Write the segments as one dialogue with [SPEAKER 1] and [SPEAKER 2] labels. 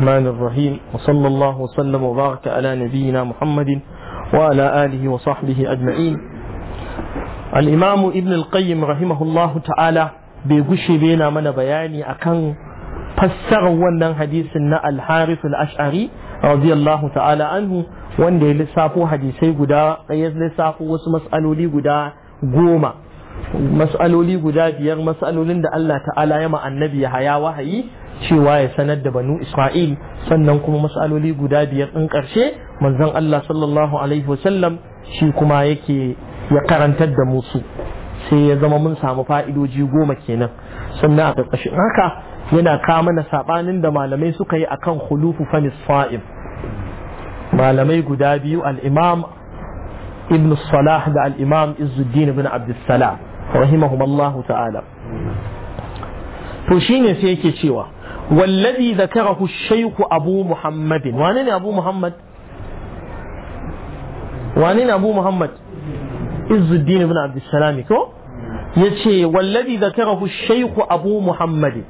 [SPEAKER 1] الرحمن الرحيم وصلى الله وسلم وبارك على نبينا محمد وعلى آله وصحبه أجمعين الإمام ابن القيم رحمه الله تعالى بيقشي بينا من بياني أكن فسر ونن حديثنا الحارث الأشعري رضي الله تعالى عنه وان لسافو حديثي قدا لسافو وسمسألولي قدا قوما mas'aloli guda biyar mas'alolin da Allah ta'ala ya annabi ya haya wahayi cewa ya sanar da banu Isra'il sannan kuma mas'aloli guda biyar ɗin ƙarshe manzon Allah sallallahu alaihi wasallam shi kuma yake ya karantar da musu sai ya zama mun samu fa'idoji goma kenan sannan a ƙarƙashin haka yana kama na saɓanin da malamai suka yi akan khulufu fanis fa'im malamai guda biyu al-imam ibn salah da al-imam izuddin ibn abdussalam rahimahum Allah ta'ala to shine sai yake cewa wallazi zakarahu abu Muhammad? wane ne abu muhammad wane ne abu muhammad izzuddin ibn abdussalam ko yace wallazi zakarahu shaykh abu Muhammad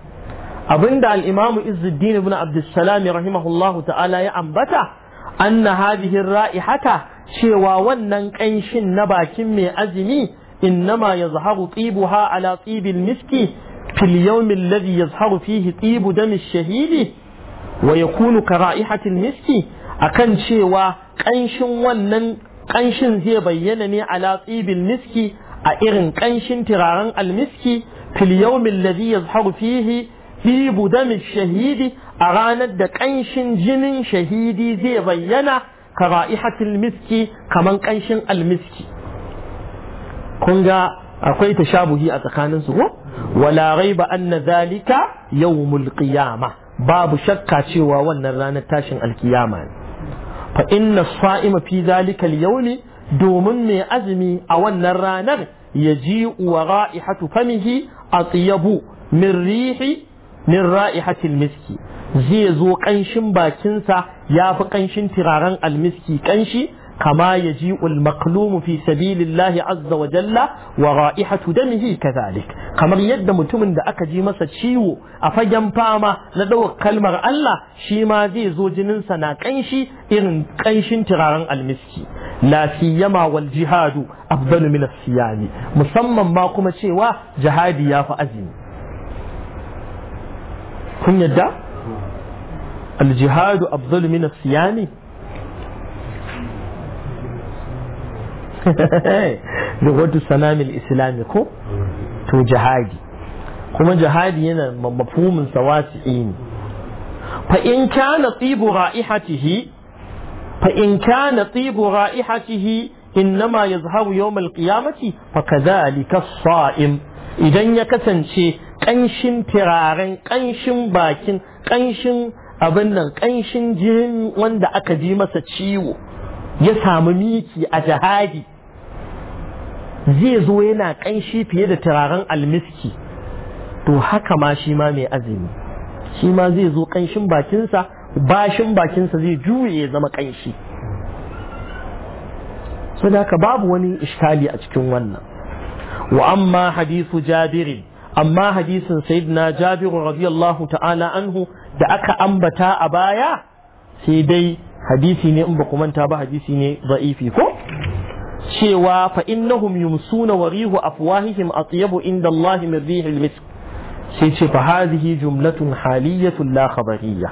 [SPEAKER 1] abinda al-imam izzuddin ibn abdussalam rahimahullahu ta'ala ya ambata anna hadhihi ra'ihata cewa wannan kanshin na bakin mai azumi إنما يظهر طيبها على طيب المسك في اليوم الذي يظهر فيه طيب دم الشهيد ويكون كرائحة المسك أكن شيوا قنش ونن قنش زي بيّنني على طيب المسك أئرن قنش ترارن المسك في اليوم الذي يظهر فيه طيب دم الشهيد أراند قنش جن شهيدي زي بيّنه كرائحة المسك كمن قنش المسك kun ga akwai tashabuhi a tsakanin ko wala raiba anna zalika yawmul qiyama babu shakka cewa wannan ranar tashin alkiyama ne fa inna sa'ima fi zalika al domin mai azumi a wannan ranar yaji wa ra'ihatu famihi atyabu min rihi min ra'ihatil miski zai zo kanshin bakinsa ya fi kanshin turaren almiski kanshi kama yaji'u al-maqlum fi sabilillahi azza wa jalla wa ra'ihatu damihi kadhalik kamar yadda mutumin da aka ji masa ciwo a fagen fama na dawar kalmar Allah shi ma zai zo jinin na kanshi irin kanshin turaren almiski la siyama wal jihadu afdalu min siyami musamman ma kuma cewa jihadi ya fi kun yadda al-jihadu siyami lughatu sanamil islami ko to jihadi kuma jihadi yana mafhumin sawasi'i ne fa in kana tibu ra'ihatihi fa in kana tibu ra'ihatihi innama yazhabu yawm al-qiyamati fa kadhalika as-sa'im idan ya kasance kanshin firaren kanshin bakin kanshin abin nan kanshin jinin wanda aka ji masa ciwo ya samu miki a jihadi zai zo yana ƙanshi fiye da turaren almiski to haka ma shi ma mai azumi shi ma zai zo ƙanshin bakinsa bashin bakinsa zai juye ya zama ƙanshi so haka babu wani ishkali a cikin wannan wa amma hadisu jabirin amma hadisin sayyidina jabiru radiyallahu ta'ala anhu da aka ambata a baya sai dai hadisi ne in ba ku manta ba hadisi ne za'ifi ko cewa fa innahum yumsuna afwahihim atyabu inda Allah min rihil misk sai ce fa hadhihi jumlatun haliyatun la khabariyya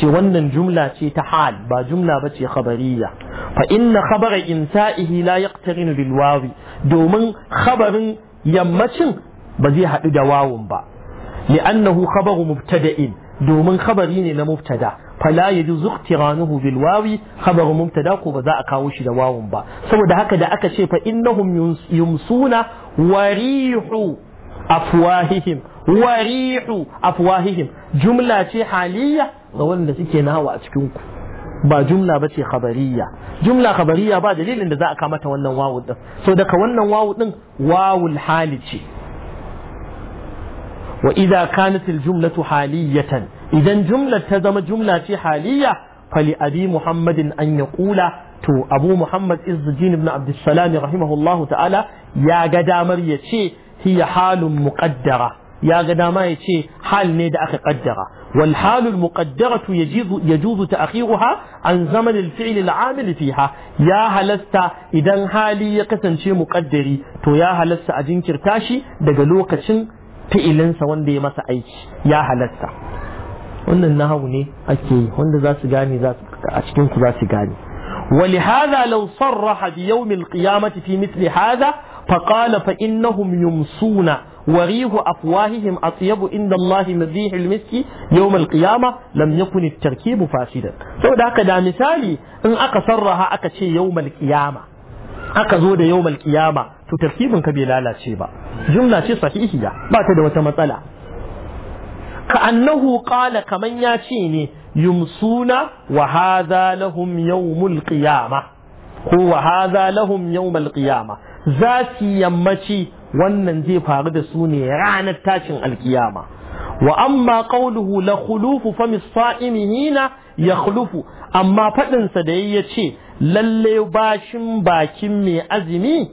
[SPEAKER 1] ce wannan jumla ce ta hal ba jumla ba ce khabariyya fa inna khabara insa'ihi la yaqtarinu bil wawi domin khabarin yammacin ba zai haɗu da wawun ba annahu khabaru mubtada'in domin khabari ne na mubtada فلا يجوز اقترانه بالواو خبر مبتدا ko ba za a kawo shi da wawun ba saboda haka da aka ce fa innahum yumsuna warihu afwahihim warihu afwahihim jumla ce haliya ga wanda suke nawa a cikin ku ba jumla ba ce khabariya jumla khabariya ba dalilin da za a kama mata wannan wawu din so daga wannan wawu din wawul hali ce wa idza kanat al jumlatu haliyatan idan jumlar ta zama jumla ce haliya fali abi muhammadin an ya kula to abu muhammad izzuddin ibn abdussalam rahimahullahu ta'ala ya ga damar ya ce hiya halun muqaddara ya ga dama ya ce hal ne da aka kaddara wal halul muqaddaratu yajuzu yajuzu ta'khiruha an zaman al fi'l al amil fiha ya halasta idan hali ya kasance muqaddari to ya halasta a jinkirta shi daga lokacin fi'ilinsa wanda ya masa aiki ya halasta wannan nahawu ne ake yi wanda za su gane a cikin ku za su gane ولهذا لو صرح بيوم القيامة في مثل هذا فقال فإنهم يمسون وريح أفواههم أطيب عند الله من ريح المسك يوم القيامة لم يكن التركيب فاسدا سو دا كدا مثالي إن أكا صرها أكا شي يوم القيامة أكا زود يوم القيامة تو تركيب كبير لا شيبا جملة شي صحيحة بعد وتمثلا ka annahu qala kaman ya ce ne yumsuna wa lahum yawmul ko wa hadha lahum yawmul yammaci wannan zai faru da su ne ranar tashin alkiyama wa amma qawluhu la khulufu fa misaimina ya khulufu amma faɗinsa da ya ce lalle bashin bakin mai azumi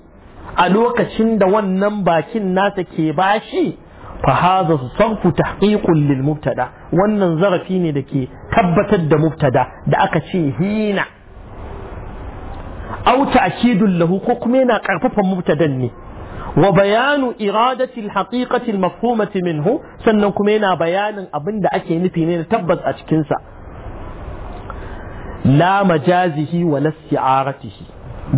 [SPEAKER 1] a lokacin da wannan bakin nasa ke bashi fa hadha sarfu tahqiqun lil mubtada wannan zarafi ne da ke tabbatar da mubtada da aka ce hina aw ta'kidun lahu ko kuma yana karfafan mubtadan ne wa bayanu iradati al-haqiqati al-mafhumati minhu sannan kuma yana bayanin abin da ake nufi ne na tabbas a cikin sa la majazihi wa la isti'aratihi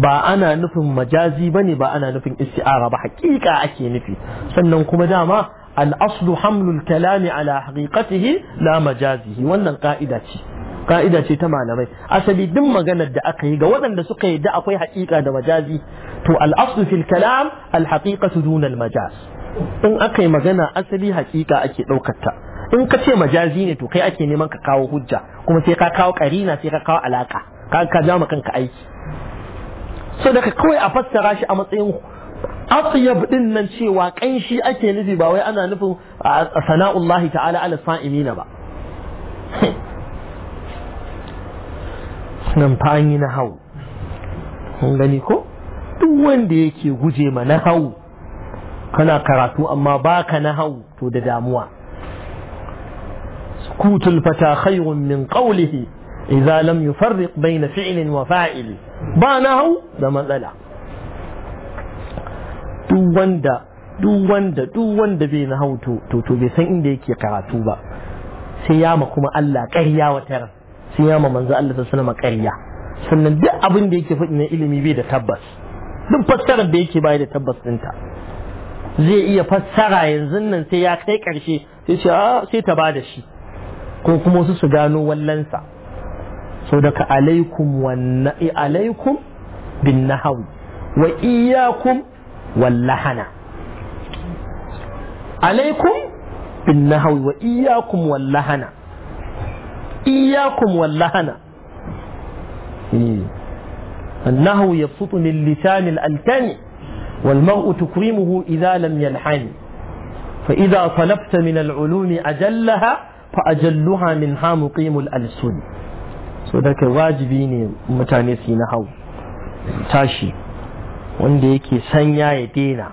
[SPEAKER 1] ba ana nufin majazi bane ba ana nufin isti'ara ba haƙiƙa ake nufi sannan kuma dama al'aslu hamlul kalami ala haqiqatihi la majazihi wannan ƙa'ida ce Ƙa'ida ce ta malamai asali duk maganar da aka yi ga waɗanda suka yi da akwai haƙiƙa da majazi to al'aslu fil kalam al haqiqatu dunal majaz in aka yi magana asali haƙiƙa ake ɗaukar ta in ka ce majazi ne to kai ake neman ka kawo hujja kuma sai ka kawo karina sai ka kawo alaka ka ka jama kanka aiki so daga kawai a fassara shi a matsayin atyab din nan cewa kanshi ake nufi ba wai ana nufin sana'ullahi ta'ala ala sa'imina ba nan fa na hau kun gani ko duk wanda yake guje ma na hau kana karatu amma baka na hau to da damuwa sukutul fata khayrun min qawlihi idza lam yufarriq bayna fi'lin wa fa'ili ba na hau da matsala duk wanda duk wanda duk wanda bai na hau to to bai san inda yake karatu ba sai ya ma kuma Allah ƙarya wata ran sai ya ma manzo Allah sallallahu alaihi sannan duk abin da yake faɗi na ilimi bai da tabbas duk fassarar da yake bai da tabbas ɗinta zai iya fassara yanzu nan sai ya kai ƙarshe sai ce ah, sai ta bada shi ko kuma wasu su gano wallansa sau daga alaikum wannan alaikum bin nahawi wa iyakum واللحن عليكم بالنهو وإياكم واللحن إياكم واللحن إيه. النهو يبسط من لسان الألكان والمرء تكرمه إذا لم يلحن فإذا طلبت من العلوم أجلها فأجلها منها مقيم الألسن so واجبيني متانسي نهو تاشي wanda yake sanya ya dena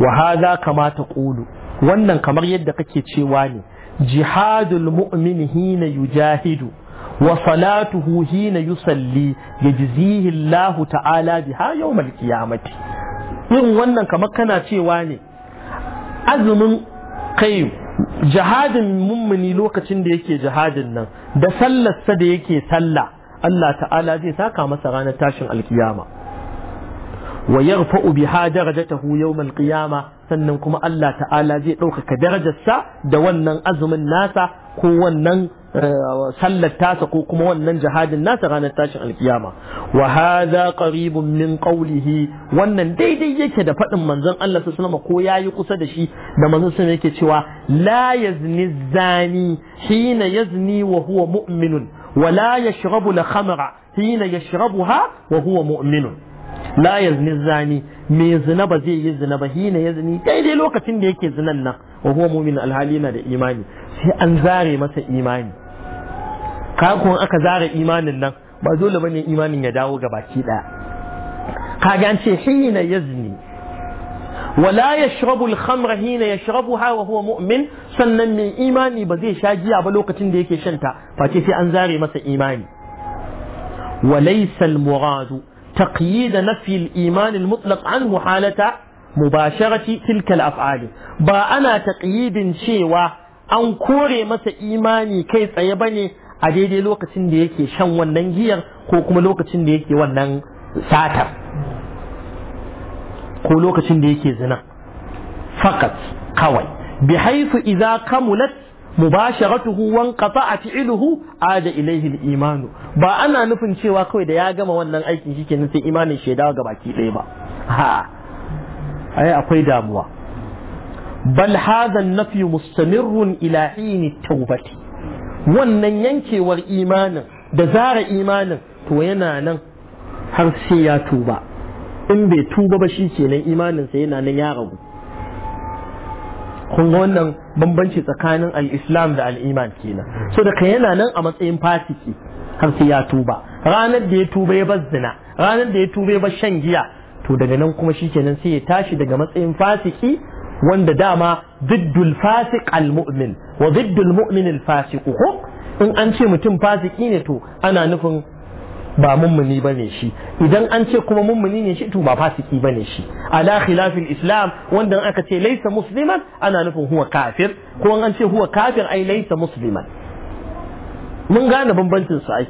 [SPEAKER 1] wa hadha kama taqulu wannan kamar yadda kake cewa ne jihadul mu'min hina yujahidu wa salatuhu hina yusalli yajzihi Allah ta'ala biha yawmal qiyamati irin wannan kamar kana cewa ne azumin kai jihadin mummuni lokacin da yake jihadin nan da sallarsa da yake sallah Allah ta'ala zai saka masa ranar tashin alkiyama wa daraja biha darajatahu yawmal qiyama sannan kuma Allah ta'ala zai ɗaukaka darajarsa da wannan azumin nasa ko wannan eh, sallar tasa ko kuma wannan jihadin nasa ranar tashin alkiyama wa hadha qaribun min qawlihi wannan daidai yake da faɗin manzon Allah sallallahu alaihi wasallam ko yayi kusa da shi da manzon sallallahu yake cewa la yazni zani hina yazni wa huwa mu'minun wa la yashrabu la khamra hina yashrabuha wa huwa mu'minun la yazni zani me zina ba zai yi zina ba hina yazni daidai lokacin da yake zinan nan wa huwa mu'min alhali na da imani sai an zare masa imani ka kun aka zare imanin nan ba dole bane imanin ya dawo ga baki daya kaga an ce hina yazni wala yashrabu al hina yashrabuha wa huwa mu'min sannan mai imani ba zai sha giya ba lokacin da yake shanta face sai an zare masa imani wa laysa muradu تقييد نفي الإيمان المطلق عن محالة مباشرة تلك الأفعال با أنا تقييد شيوا أن كوري مس إيماني كيف يبني أجيد لوك تنديكي شن وننجير كوكم لوك تنديكي ونن ساتا كو لوك تنديكي زنا فقط قوي بحيث إذا كملت mubasharatuhu wan qata'a iluhu ada ilayhi al imanu. ba ana nufin cewa kawai da ya gama wannan aikin ne sai imanin shi dawo gabaki ɗaya ba ha ai akwai damuwa bal hadha an-nafy mustamirrun ila hin tawbati wannan yankewar imanin da zara imanin to yana nan har sai ya tuba in bai tuba ba shikenan imanin sa yana nan ya ragu kun ga wannan bambanci tsakanin al-islam da al-iman kenan so da ka yana nan a matsayin fasiki har sai ya tuba ranar da ya tuba ya bazzina ranar da ya tuba ya shan giya to daga nan kuma shi shikenan sai ya tashi daga matsayin fasiki wanda dama ziddul fasik al-mu'min wa ziddul mu'min al-fasiq in an ce mutum fasiki ne to ana nufin ba mummuni ba ne shi idan an ce kuma mummuni ne shi to ba fasiki ba ne shi ala khilafil islam wanda aka ce laisa musliman ana nufin huwa kafir ko an ce huwa kafir ai laisa musliman mun gane bambancin su ai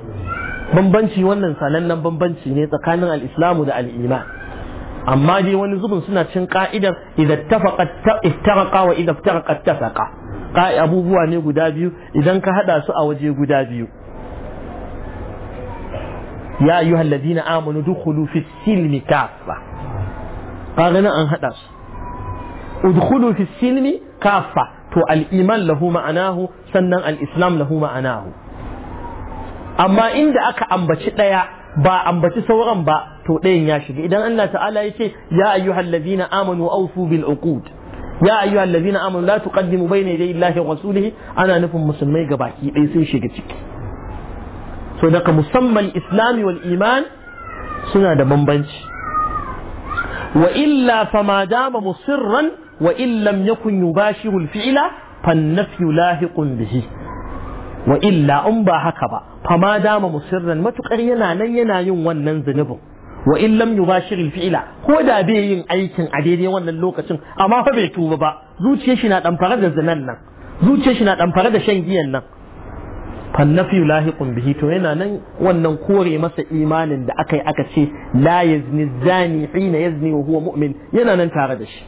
[SPEAKER 1] bambanci wannan sanannen bambanci ne tsakanin al-islamu da al-iman amma dai wani zubin suna cin ka'idar idan tafaqat iftaraqa wa idan iftaraqa tafaqa kai abubuwa ne guda biyu idan ka hada su a waje guda biyu ya ayyuha alladhina amanu dukhulu fi silmi kafa kaga nan an hada su udkhulu silmi kafa to al-iman lahu ma'anahu sannan al-islam lahu ma'anahu amma inda aka ambaci ɗaya. ba ambaci sauran ba to ɗayan ya shiga idan Allah ta'ala ya ce ya ayyuhal ladina amanu awfu bil uqud ya ayyuhal ladina amanu la tuqaddimu bayna yaday Allahi wa rasulihi ana nufin musulmai baki ɗaya sun shiga ciki so daga musamman islami wal iman suna da bambanci wa illa fama dama musirran wa illam yakun yubashiru fila fan lahiqun bihi wa illa in ba haka ba fama dama musirran matukar yana nan yana yin wannan zunubin wa in lam fila ko da bai yin aikin a daidai wannan lokacin amma fa bai tuba ba zuciyar shi na damfara da zinan nan zuciyar shi na damfara da shan giyan nan fannafi lahikun bihi to yana nan wannan kore masa imanin da aka yi aka ce la yazni zani hina yazni wa huwa mu'min yana nan tare da shi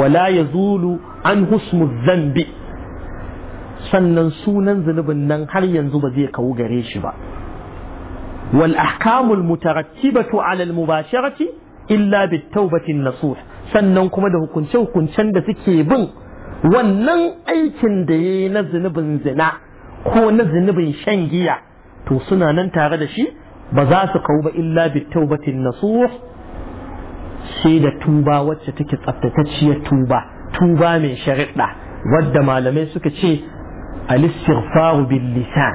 [SPEAKER 1] wala yazulu an husmu zambi sannan sunan zunubin nan har yanzu ba zai kawo gare shi ba wal ahkamul mutarattibatu ala al mubasharati illa bit tawbati nasuh sannan kuma da hukunce hukuncen da suke bin wannan aikin da yayi na zunubin zina ko na zunubin shan giya to suna nan tare da shi ba za su kawo ba illa bi taubatin nasuh sai da tuba wacce take tsaftatacciyar tuba tuba mai shariɗa wadda malamai suka ce al-istighfaru bil lisan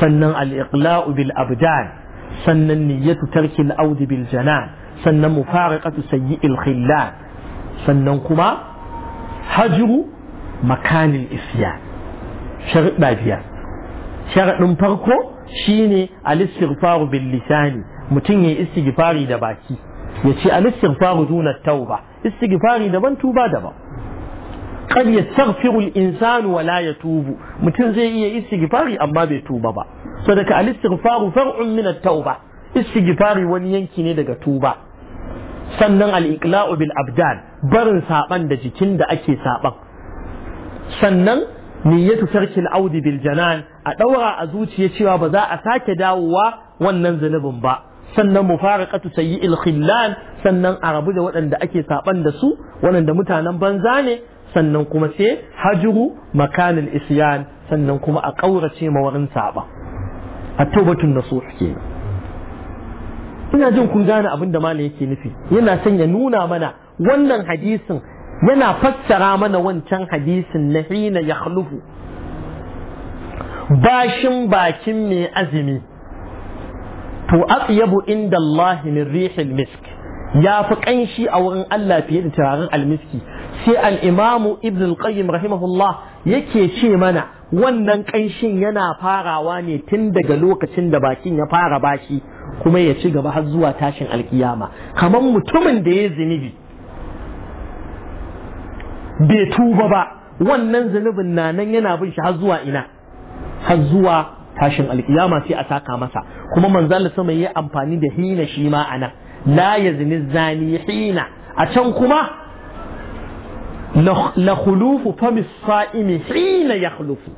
[SPEAKER 1] sannan al-iqla'u bil abdan sannan niyyatu tarki al-audi bil janan sannan mufariqatu sayyi'il khillan sannan kuma hajru makanil isyan sharuɗa biyar sharaɗin farko shine al-istighfaru bil lisani mutum ya istighfari da baki ya ce al-istighfaru duna tauba istighfari daban tuba daban qad yastaghfiru al-insanu wa la yatubu mutum zai iya istighfari amma bai tuba ba sadaka al-istighfaru far'un min at-tauba istighfari wani yanki ne daga tuba sannan al-iqla'u bil abdan barin saban da jikin da ake saban sannan niyyatu tarkil audi bil janan a daura a zuciya cewa ba za a sake dawowa wannan zunubin ba sannan mufaraqatu sayyi'il khillan sannan a rabu da waɗanda ake saban da su waɗanda mutanen banza ne sannan kuma sai hajuru makanin isyan sannan kuma a ƙaurace ma wurin saba a taubatun nasuh ke ina jin kun gane abin da malam yake nufi yana son ya nuna mana wannan hadisin yana fassara mana wancan hadisin na hina ya bashin bakin mai azumi to atyabu inda Allah min rihil misk ya fi kanshi a wurin Allah fiye da turaren almiski sai al-imamu ibn al-qayyim rahimahullah yake ce mana wannan kanshin yana farawa ne tun daga lokacin da bakin ya fara bashi kuma ya ci gaba har zuwa tashin alkiyama kamar mutumin da ya zinibi. bai tuba ba wannan zunubin na nan yana bin shi har zuwa ina har zuwa tashin alkiyama sai a saka masa kuma manzo Allah sama yayi amfani da hina shi ma ana la yazni zani hina a can kuma la khulufu famis sa'imi hina yakhlufu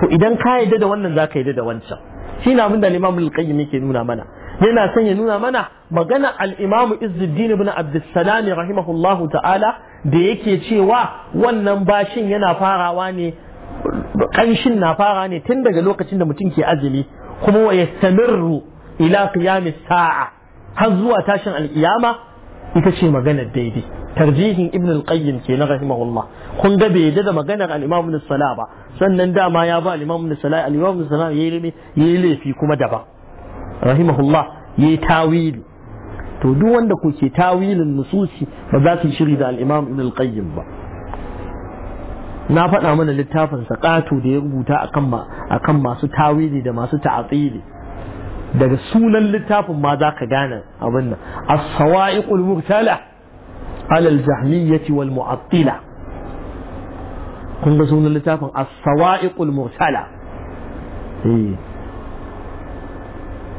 [SPEAKER 1] to idan ka yadda da wannan zaka yadda da wancan shi na abin da Imam al-Qayyim yake nuna mana yana son ya nuna mana magana al-Imam Izzuddin ibn rahimahullahu ta'ala da yake cewa wannan bashin yana farawa ne kanshin na fara ne tun daga lokacin da mutum ke azumi kuma wa yastamirru ila qiyamis sa'a har zuwa tashin alkiyama ita ce maganar daidai tarjihin ibn al-qayyim ke na rahimahullah kun ga bai yadda da maganar al-imam ibn ba sannan dama ya ba al-imam ibn al-imam ibn yayi laifi kuma daban rahimahullah yayi tawili to duk wanda kuke tawilin nususi ba za su shiri da al-imam ibn al-qayyim ba na faɗa mana littafin saƙato da ya rubuta akan masu tawili da masu ta'atili daga sunan littafin ma za ka gane abin nan as-sawa'iqul murtala ala al-jahmiyyati wal mu'attila kun ga sunan littafin as-sawa'iqul murtala eh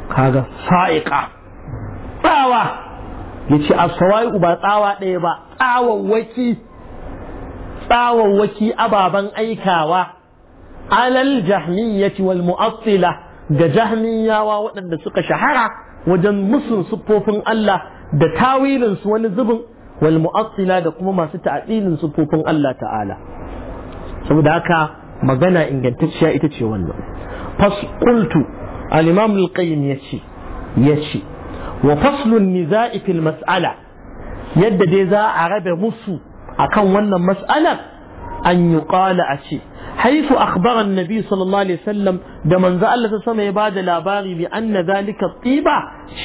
[SPEAKER 1] kaga sa'iqa tsawa yace as ba tsawa ɗaya ba Tsawon waki ababan aikawa alal jahmiyyati wal mu'attila ga jahmiyawa waɗanda suka shahara wajen musun siffofin Allah da tawilin su wani zubin wal mu'attila da kuma masu ta'dilin siffofin Allah ta'ala saboda haka magana ingantacciya ita ce wannan qultu الإمام القيم يشي يشي وفصل النزاع في المسألة يد ديزا عرب مصو أكون ون مسألة أن يقال أشي حيث أخبر النبي صلى الله عليه وسلم بمن زال تسمى عبادة لاباغي بأن ذلك الطيبة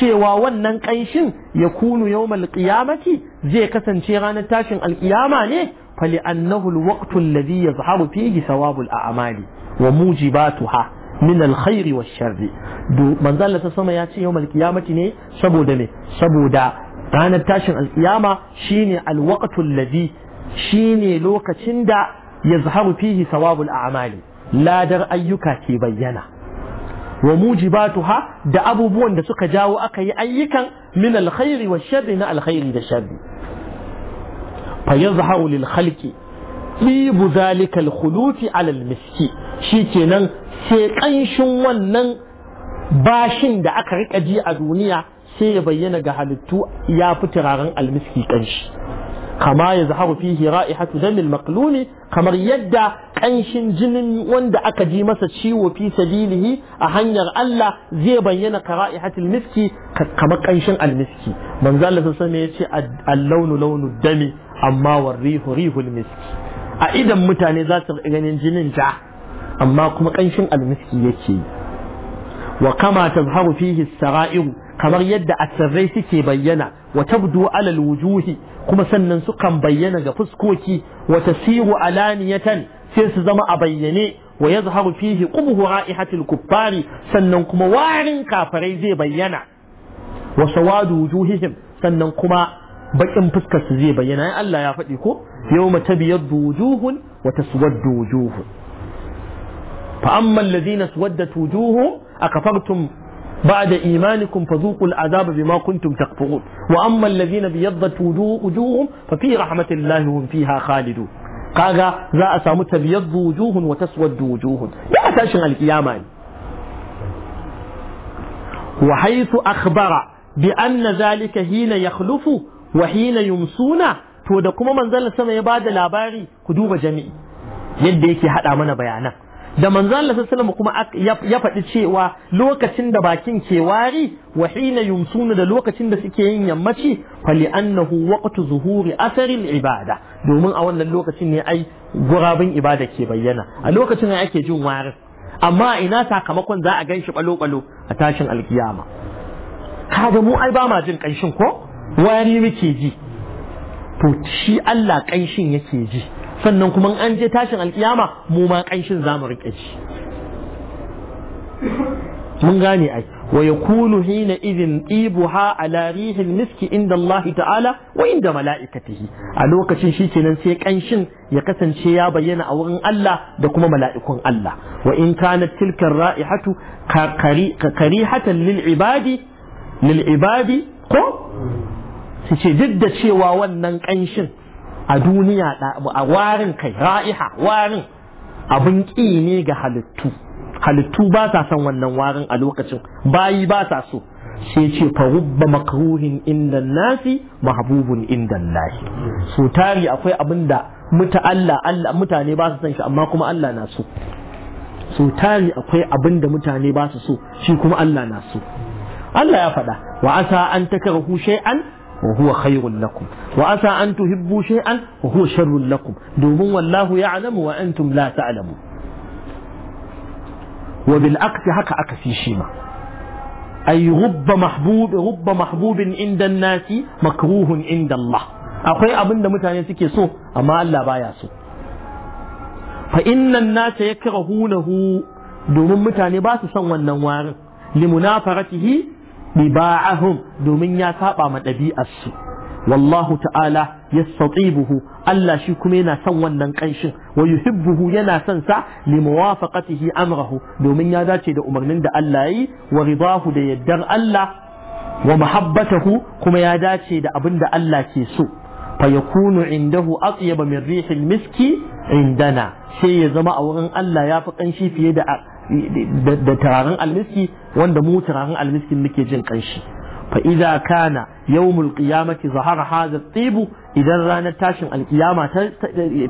[SPEAKER 1] شيوا ون قيشن يكون يوم القيامة زي كسن شيغان تاشن القيامة ليه فلأنه الوقت الذي يظهر فيه ثواب الأعمال وموجباتها min alkhairi wa sharri manzo Allah sama ya ce yawmal qiyamati ne saboda me saboda ranar tashin alkiyama shine alwaqtu alladhi shine lokacin da yazharu fihi thawabul a'mali ladar ayyuka ke bayyana wa ha da abubuwan da suka jawo aka yi ayyukan min alkhairi wa sharri na alkhairi da sharri fa yazharu lil khalqi ɗibu zalika alal miski shi kenan. sai ƙanshin wannan bashin da aka rika ji a duniya sai ya bayyana ga halittu ya fi turaren almiski ƙanshi kama ya zaharu fi ra'ihatu damil maqlumi kamar yadda ƙanshin jinin wanda aka ji masa ciwo fi sabilihi a hanyar Allah zai bayyana ka ra'ihatul miski kamar ƙanshin almiski manzo Allah sallallahu ya ce al-launu launu dami amma war rihu rihul miski a idan mutane za su ganin jinin ja amma kuma ƙanshin almisi yake وكما تظهر فيه السرائر كما يدعى السري سكي بينا وتبدو على الوجوه كما سنن سقا بينا جفسكوكي وتسير علانية سيس زما أبيني ويظهر فيه قبه رائحة الكفار سنن كما وارن كافري زي بينا وسواد وجوههم سنن كما بين فسكس زي بينا يا الله يا فتيكو يوم تبيض وجوه وتسود وجوه فأما الذين اسودت وجوههم أكفرتم بعد إيمانكم فذوقوا العذاب بما كنتم تكفرون وأما الذين بيضت وجوههم ففي رحمة الله هم فيها خالدون قال لا أسامت بيض وجوه وتسود وجوه لا تشغل القيامة وحيث أخبر بأن ذلك حين يخلف وحين يمسون تودكم من kuma manzon بعد لا bada كدوب ku duba jami'i yadda yake da manzo Allah sallallahu kuma ya faɗi cewa lokacin da bakin ke wari wa hina yumsuna da lokacin da suke yin yammaci fali annahu waqtu zuhuri asarin ibada domin a wannan lokacin ne ai gurabin ibada ke bayyana a lokacin ne ake jin warin amma ina sakamakon za a gan shi balo-balo a tashin alkiyama kaga mu ai ba ma jin kanshin ko wari muke ji to shi Allah kanshin yake ji sannan kuma an je tashin alkiyama mu ma kanshin zamu rike shi mun gane ai wa yakulu hina idhin ibuha ala rihil miski inda Allah ta'ala wa inda mala'ikatihi a lokacin shi kenan sai kanshin ya kasance ya bayyana a wurin Allah da kuma mala'ikun Allah wa in kanat tilka ra'ihatu karihatan lil ibadi lil ibadi ko su ce duk da cewa wannan kanshin a duniya a warin kai ra'iha warin abin ƙi ne ga halittu halittu ba sa son wannan warin a lokacin bayi ba sa so sai ce fa rubba makruhin inda nasi mahbubun inda lahi so tari akwai abin muta Allah Allah mutane ba su san shi amma kuma Allah na so so tari akwai abin mutane ba su so shi kuma Allah na so Allah ya faɗa wa asa an takarhu shay'an وهو خير لكم وعسى أن تهبوا شيئا وهو شر لكم دومون والله يعلم وأنتم لا تعلمون وبالأكس هكا أكسي شيما أي رب محبوب رب محبوب عند الناس مكروه عند الله أخي أبن متاني سكي سو أما الله بايا سو فإن الناس يكرهونه دومون متاني باس سوى النوار لمنافرته biba'ahum domin ya saba ma ɗabi'arsu wallahu ta'ala yastatibuhu Allah shi kuma yana son wannan ƙanshin wa yuhibbuhu yana son sa li muwafaqatihi amrahu domin ya dace da umarnin da Allah yi wa ridahu da yaddar Allah wa mahabbatahu kuma ya dace da abin da Allah ke so fa yakunu indahu atyaba min rihil miski indana sai ya zama a wurin Allah ya fi fiye da da turaren almiski wanda mu turaren almiskin muke jin kanshi fa idza kana yawmul qiyamati zahara hadha tibu idan ranar tashin alqiyama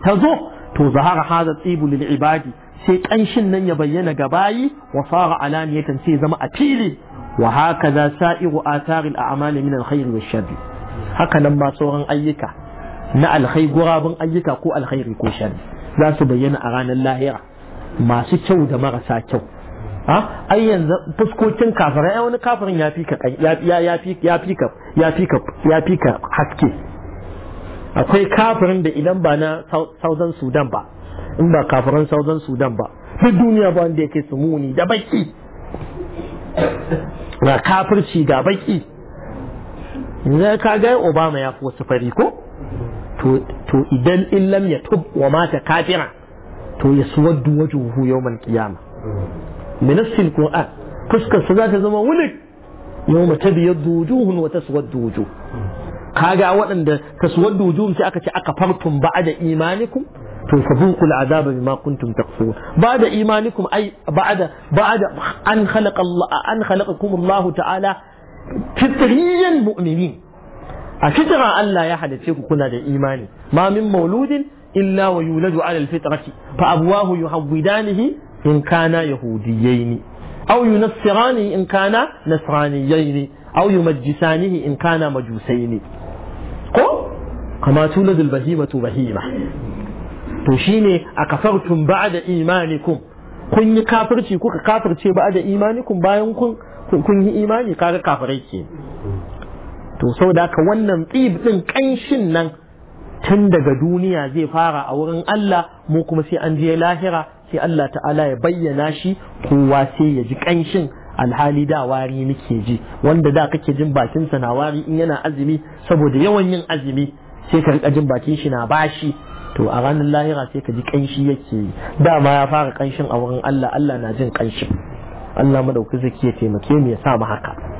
[SPEAKER 1] ta zo to zahara hadha tibu lil ibadi sai kanshin nan ya bayyana ga bayi wa sara alaniyatan sai zama a fili wa hakaza sa'iru al a'mali min al alkhair wash sharr haka nan ma sauran ayyuka na alkhair gurabun ayyuka ko alkhairi ko sharri za su bayyana a ranar lahira masu kyau da marasa kyau a ai yanzu fuskokin kafara ya wani kafarin ya fi ka ya haske akwai kafirin da idan ba na Southern Sudan ba in ba kafarin Southern Sudan ba duk duniya ba wanda yake su muni da baki na kafirci ga baki yanzu ka ga Obama ya fi wasu fari ko to idan illam ya tub wa mata kafira to ya suwaddu wajuhu yawmal qiyama min as-qur'an fuskar su za ta zama wulik yawma tabyaddu wujuhun wa taswaddu wujuh kaga waɗanda taswaddu wujuhum sai aka ce aka fartun da imanikum to fazuqul azaba bima kuntum taqsun ba'da imanikum ay ba'da da an khalaqa Allah an khalaqakum Allah ta'ala fitriyan mu'minin a fitra Allah ya halice ku kuna da imani ma min mauludin illa wa yuladu ala alfitrati fa abuwahu yuhawwidanihi in kana yahudiyyaini aw yunassiranihi in kana nasraniyyaini aw yumajjisanihi in kana majusaini ko kama tuladu albahimatu bahima to shine akafartum ba'da imanikum kun yi kafirci kuka kafirce ba'da bayan kun kun yi imani kaga kafirai ke to da haka wannan tsib din kanshin nan tun daga duniya zai fara a wurin Allah mu kuma sai an je lahira sai Allah ta'ala ya bayyana shi kowa sai ya ji kanshin alhali da wari muke ji wanda da kake jin bakinsa na wari in yana azumi saboda yawan yin azumi sai ka rika jin bakin shi na bashi to a ranar lahira sai ka ji kanshi yake yi dama ya fara kanshin a wurin Allah Allah na jin kanshin Allah madauki zaki ya taimake mu ya sa mu haka